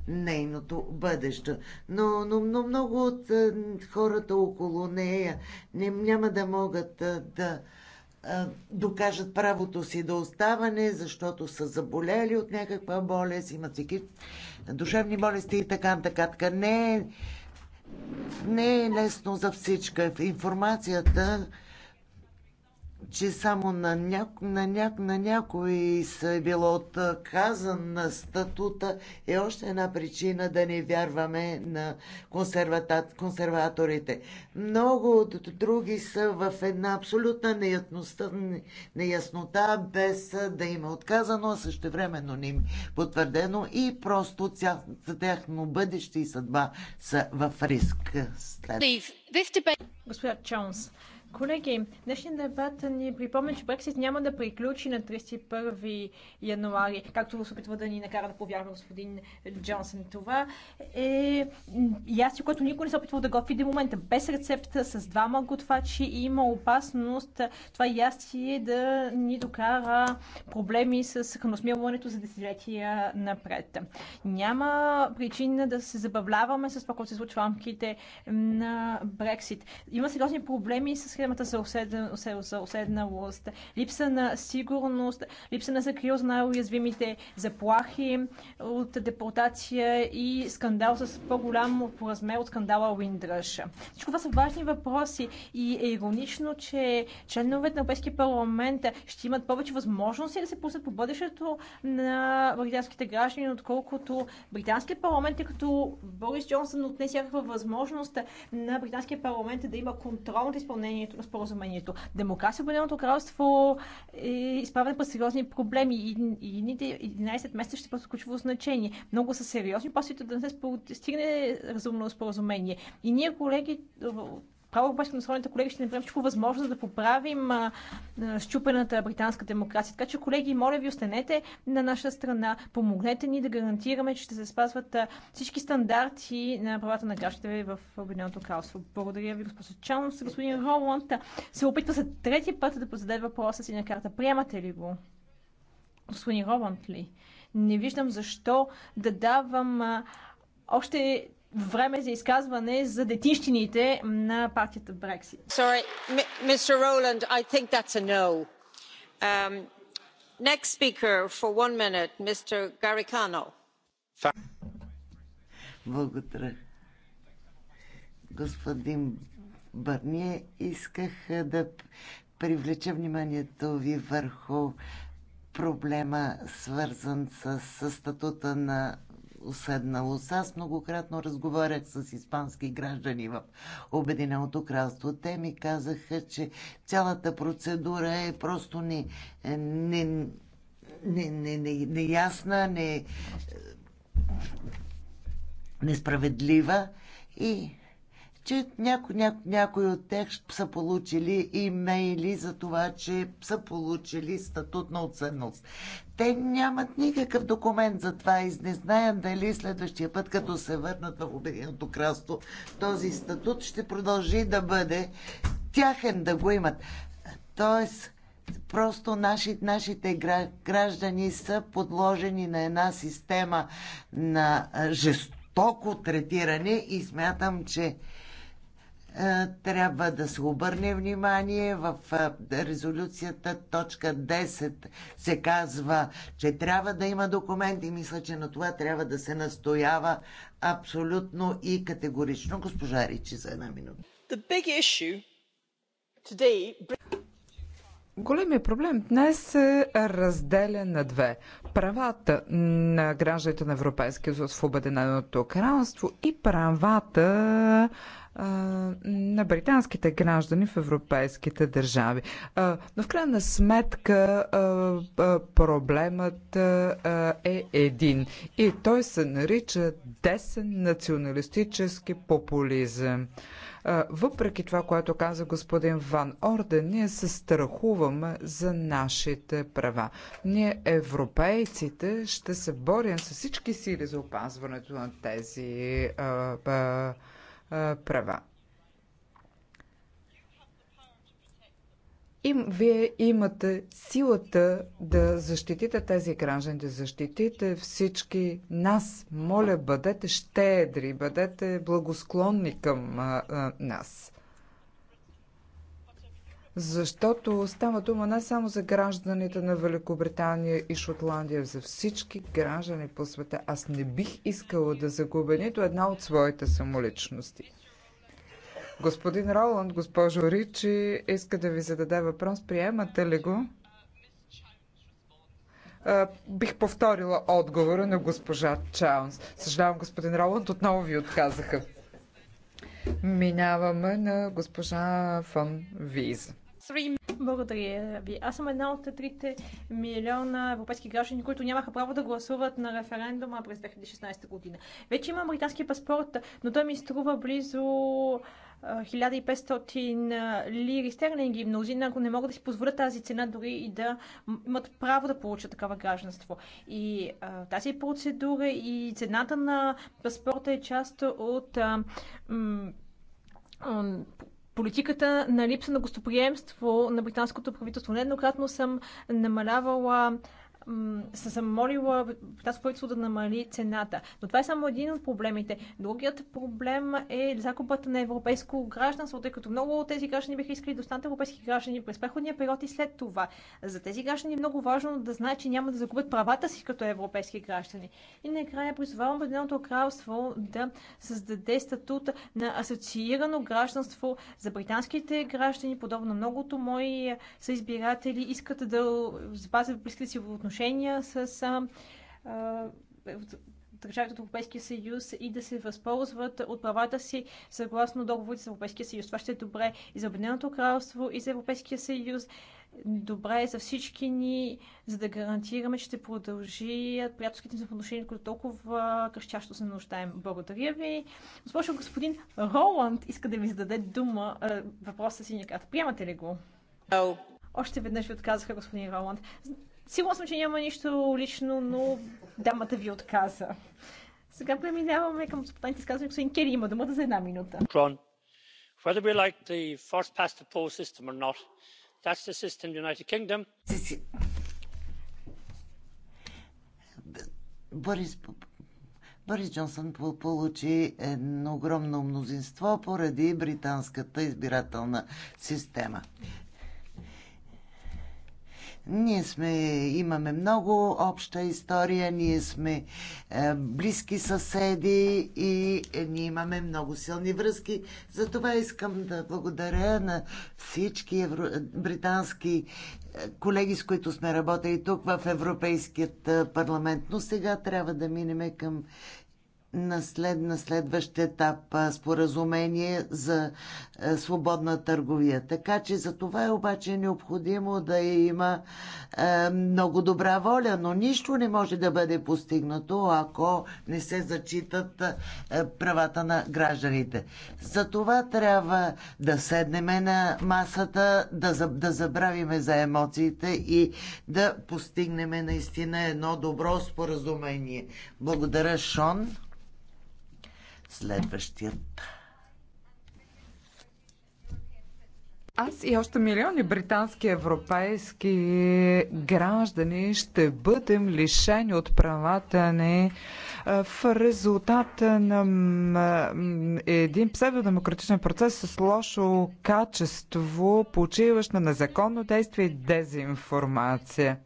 нейното бъдеще. Но, но, но много от е, хората около нея не, няма да могат е, да докажат правото си до оставане, защото са заболели от някаква болест, имат всеки душевни болести и така нататък. Не е, не е лесно за всичка. Информацията че само на, ня... на, ня... на някои са е било отказан на статута е още една причина да не вярваме на консервата... консерваторите. Много от други са в една абсолютна неясността, неяснота, без да им е отказано, а също времено не им е потвърдено и просто ця... тяхно бъдеще и съдба са в риск. След... Госпожа Чонс, Колеги, днешният дебат ни припомня, че Брексит няма да приключи на 31 януари, както се опитва да ни накара да повярва господин Джонсън. Това е ясно, което никой не се опитва да готви до момента. Без рецепта, с двама готвачи и има опасност това ястие да ни докара проблеми с храносмилването за десетилетия напред. Няма причина да се забавляваме с това, което се случва в рамките на Брексит. Има сериозни проблеми с системата за, уседен, за уседналост, липса на сигурност, липса на закрил за най-уязвимите заплахи от депортация и скандал с по-голям по размер от скандала Уиндръж. Всичко това са важни въпроси и е иронично, че членовете на Европейския парламент ще имат повече възможности да се пуснат по бъдещето на британските граждани, отколкото британският парламент, тъй като Борис Джонсън отне всякаква възможност на британския парламент да има контрол над изпълнението споразумението. Демокрация в Обединеното кралство е изправена пред сериозни проблеми и едните 11 месеца ще бъдат ключово значение. Много са сериозни, после да не се стигне разумно споразумение. И ние, колеги, Право обаче на своите колеги ще направим всичко възможно, да поправим а, а, щупената британска демокрация. Така че, колеги, моля ви, останете на наша страна, помогнете ни да гарантираме, че ще се спазват а, всички стандарти на правата на гражданите в Обединеното кралство. Благодаря ви, господин Чалнос. Господин Роланд се опитва за трети път да зададе въпроса си на карта. Приемате ли го? Господин Роланд ли? Не виждам защо да давам още време за изказване за детищините на партията Брексит. Sorry, Mr. Rowland, I think that's a no. Um, next speaker for one minute, Mr. Garicano. Благодаря. Господин Барние, исках да привлеча вниманието ви върху проблема, свързан с, с статута на уседнало. Аз многократно разговарях с испански граждани в Обединеното кралство. Те ми казаха, че цялата процедура е просто не, не, не, не, не, неясна, не, несправедлива и че няко, няко, някои от тях са получили имейли за това, че са получили статут на отсъдност. Те нямат никакъв документ за това и не знаят дали следващия път, като се върнат в Обединеното кралство, този статут ще продължи да бъде тяхен да го имат. Тоест, просто наши, нашите граждани са подложени на една система на жестоко третиране и смятам, че е, трябва да се обърне внимание. В е, резолюцията точка 10 се казва, че трябва да има документ, и Мисля, че на това трябва да се настоява абсолютно и категорично. Госпожа Ричи за една минута. Големият проблем днес се разделя на две. Правата на гражданите на Европейския съюз в Обединеното кралство и правата а, на британските граждани в европейските държави. А, но в крайна сметка а, а, проблемът а, е един и той се нарича десен националистически популизъм. А, въпреки това, което каза господин Ван Орден, ние се страхуваме за нашите права. Ние, европейците, ще се борим с всички сили за опазването на тези права. им, вие имате силата да защитите тези граждани, да защитите всички нас. Моля, бъдете щедри, бъдете благосклонни към а, а, нас. Защото става дума не само за гражданите на Великобритания и Шотландия, за всички граждани по света. Аз не бих искала да загубя нито една от своите самоличности. Господин Роланд, госпожо Ричи, иска да ви зададе въпрос. Приемате ли го? бих повторила отговора на госпожа Чаунс. Съжалявам, господин Роланд, отново ви отказаха. Минаваме на госпожа Фон Виз. Благодаря ви. Аз съм една от трите милиона европейски граждани, които нямаха право да гласуват на референдума през 2016 година. Вече имам британски паспорт, но той ми струва близо 1500 лири стерлинги. Мнозина, ако не могат да си позволят тази цена, дори и да имат право да получат такава гражданство. И а, тази процедура и цената на паспорта е част от а, политиката на липса на гостоприемство на британското правителство. Нееднократно съм намалявала съм молила тази правителство да намали цената. Но това е само един от проблемите. Другият проблем е закупата на европейско гражданство, тъй като много от тези граждани биха искали да останат европейски граждани през преходния период и след това. За тези граждани е много важно да знаят, че няма да загубят правата си като европейски граждани. И накрая призовавам Обединеното кралство да създаде статут на асоциирано гражданство за британските граждани, подобно многото мои съизбиратели искат да запазят близките си отношения отношения с а, държавите от Европейския съюз и да се възползват от правата си съгласно договорите с Европейския съюз. Това ще е добре и за Обединеното кралство, и за Европейския съюз. Добре е за всички ни, за да гарантираме, че ще продължи приятелските ни отношения, които толкова кръщащо се нуждаем. Благодаря ви. Госпожо господин Роланд иска да ви зададе дума, въпроса си някак. Приемате ли го? No. Още веднъж ви отказаха, господин Роланд. Сигурна съм, че няма нищо лично, но дамата ви отказа. Сега преминаваме към спонтанните изказвания. Господин Кери има думата за една минута. Whether we like the first past the post system or not, that's the system the United Kingdom. Борис, Борис Джонсън получи едно огромно мнозинство поради британската избирателна система. Ние сме, имаме много обща история, ние сме е, близки съседи и е, ние имаме много силни връзки. Затова искам да благодаря на всички евро... британски е, колеги, с които сме работили тук в Европейският е, парламент. Но сега трябва да минем към на, след, на следващ етап споразумение за свободна търговия. Така че за това е обаче необходимо да има е, много добра воля, но нищо не може да бъде постигнато, ако не се зачитат е, правата на гражданите. За това трябва да седнеме на масата, да, да забравиме за емоциите и да постигнем наистина едно добро споразумение. Благодаря, Шон. Следващият. Аз и още милиони британски европейски граждани ще бъдем лишени от правата ни е, в резултат на един псевдодемократичен процес с лошо качество, почиващ на незаконно действие и дезинформация.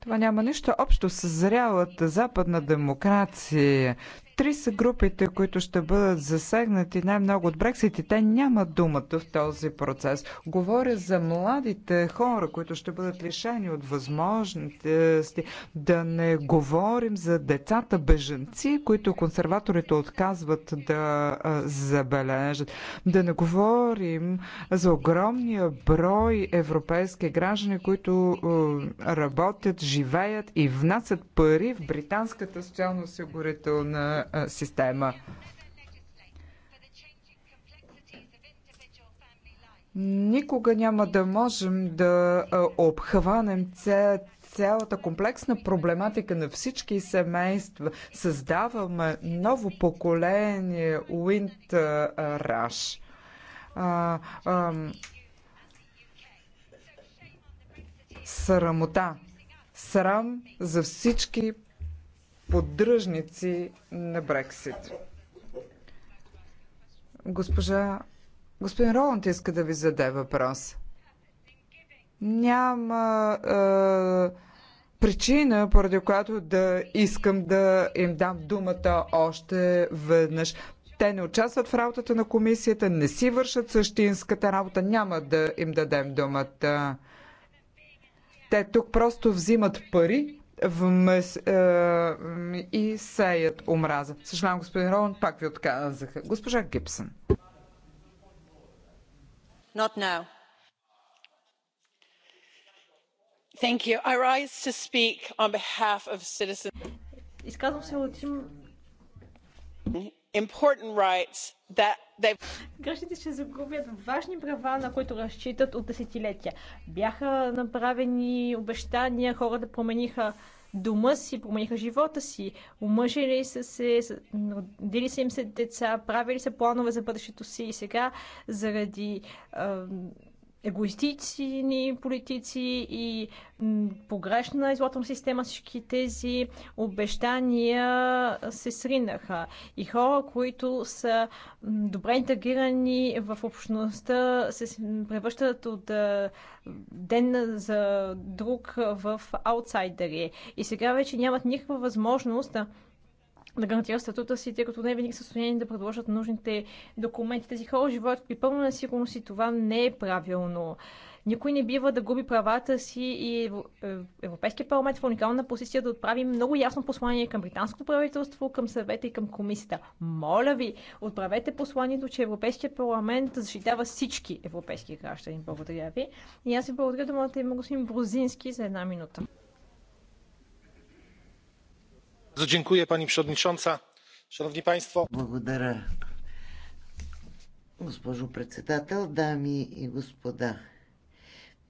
Това няма нищо общо с зрялата западна демокрация. Три са групите, които ще бъдат засегнати най-много от Брексит и те нямат думата в този процес. Говоря за младите хора, които ще бъдат лишени от възможности. Да не говорим за децата беженци, които консерваторите отказват да забележат. Да не говорим за огромния брой европейски граждани, които работят, живеят и внасят пари в британската социално-осигурителна система. Никога няма да можем да обхванем цялата комплексна проблематика на всички семейства. Създаваме ново поколение Уинт Раш. Срамота. Срам за всички поддръжници на Брексит. Госпожа... Господин Роланд иска да ви заде въпрос. Няма е, причина, поради която да искам да им дам думата още веднъж. Те не участват в работата на комисията, не си вършат същинската работа, няма да им дадем думата. Те тук просто взимат пари вмъс, е, и сеят омраза. Съжалявам, господин Роланд, пак ви отказаха. Госпожа Гибсън. Not now. Thank you. I rise to speak on behalf of citizens. Изказвам се от им... Important rights that Гражданите ще загубят важни права, на които разчитат от десетилетия. Бяха направени обещания, хората да промениха дома си, промениха живота си, омъжили са се, родили са им се деца, правили са планове за бъдещето си и сега заради егоистични политици и погрешна излотна система, всички тези обещания се сринаха. И хора, които са добре интегрирани в общността, се превръщат от ден за друг в аутсайдери. И сега вече нямат никаква възможност да да гарантират статута си, тъй като не винаги са състояние да предложат нужните документи. Тези хора живеят при пълна несигурност и това не е правилно. Никой не бива да губи правата си и Европейския парламент в уникална позиция да отправи много ясно послание към британското правителство, към съвета и към комисията. Моля ви, отправете посланието, че Европейския парламент защитава всички европейски граждани. Благодаря ви. И аз ви благодаря думата има господин Брузински за една минута. Благодаря. Госпожо председател, дами и господа.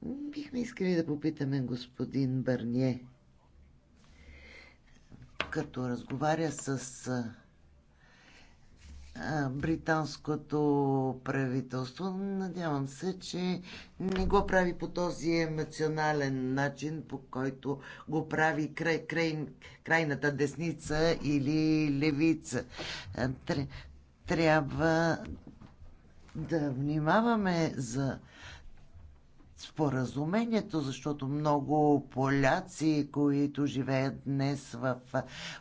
Бихме искали да попитаме господин Бърние, като разговаря с британското правителство. Надявам се, че не го прави по този емоционален начин, по който го прави край, край, крайната десница или левица. Трябва да внимаваме за споразумението, защото много поляци, които живеят днес в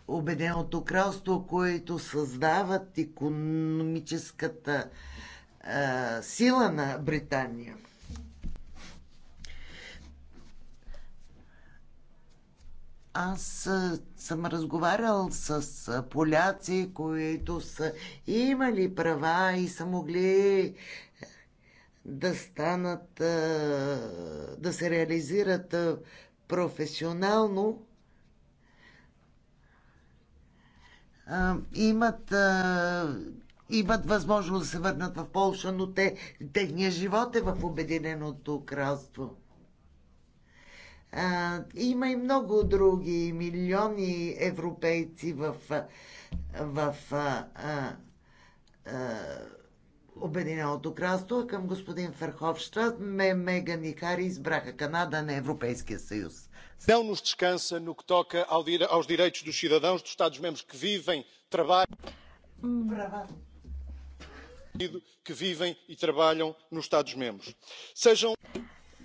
Обеденото кралство, които създават економическата а, сила на Британия. Аз съм разговарял с поляци, които са имали права и са могли да станат, да се реализират професионално, имат, имат възможност да се върнат в Полша, но те, техният живот е в Обединеното кралство. има и много други милиони европейци в, в в, в, в Обединеното кралство, а към господин Ферховщад, ме, Меган и Хари избраха Канада, не Европейския съюз. Não nos descansa no que toca ao, aos direitos dos cidadãos dos Estados-membros que vivem, trabalham. Brava que vivem e trabalham nos Estados-membros. Sejam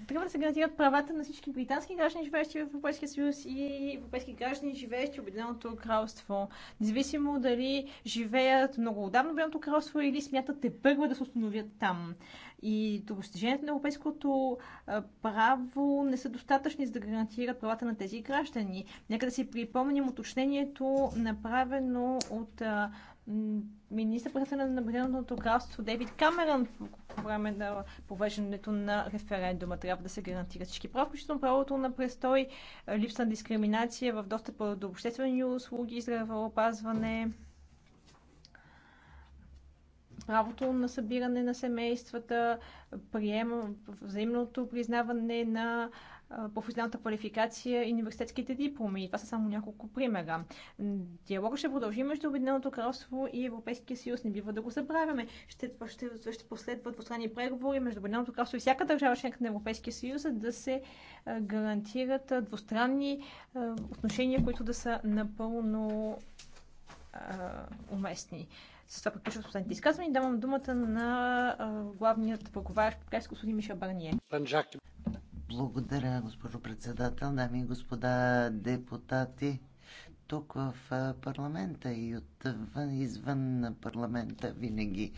трябва да се гарантират правата на всички британски граждани, живеещи в Европейския съюз и европейски граждани, живеещи в Обединеното кралство. Независимо дали живеят много отдавна в Обединеното кралство или смятат те първо да се установят там. И достиженията на европейското право не са достатъчни за да гарантират правата на тези граждани. Нека да си припомним уточнението, направено от министър председател на Обединеното кралство Дейвид Камерън по време на повеждането на референдума. Трябва да се гарантират всички прав, включително правото на престой, липса на дискриминация в достъп до обществени услуги, здравеопазване, правото на събиране на семействата, приема, взаимното признаване на професионалната квалификация и университетските дипломи. Това са само няколко примера. Диалогът ще продължи между Обединеното кралство и Европейския съюз. Не бива да го забравяме. Ще, ще, ще последват двустранни преговори между Обединеното кралство и всяка държава членка на Европейския съюз, за да се гарантират двустранни отношения, които да са напълно уместни. С това приключвам последните изказвания и давам думата на главният преговарящ по господин Мишел Барние. Благодаря, госпожо председател, дами и господа депутати. Тук в парламента и от извън парламента винаги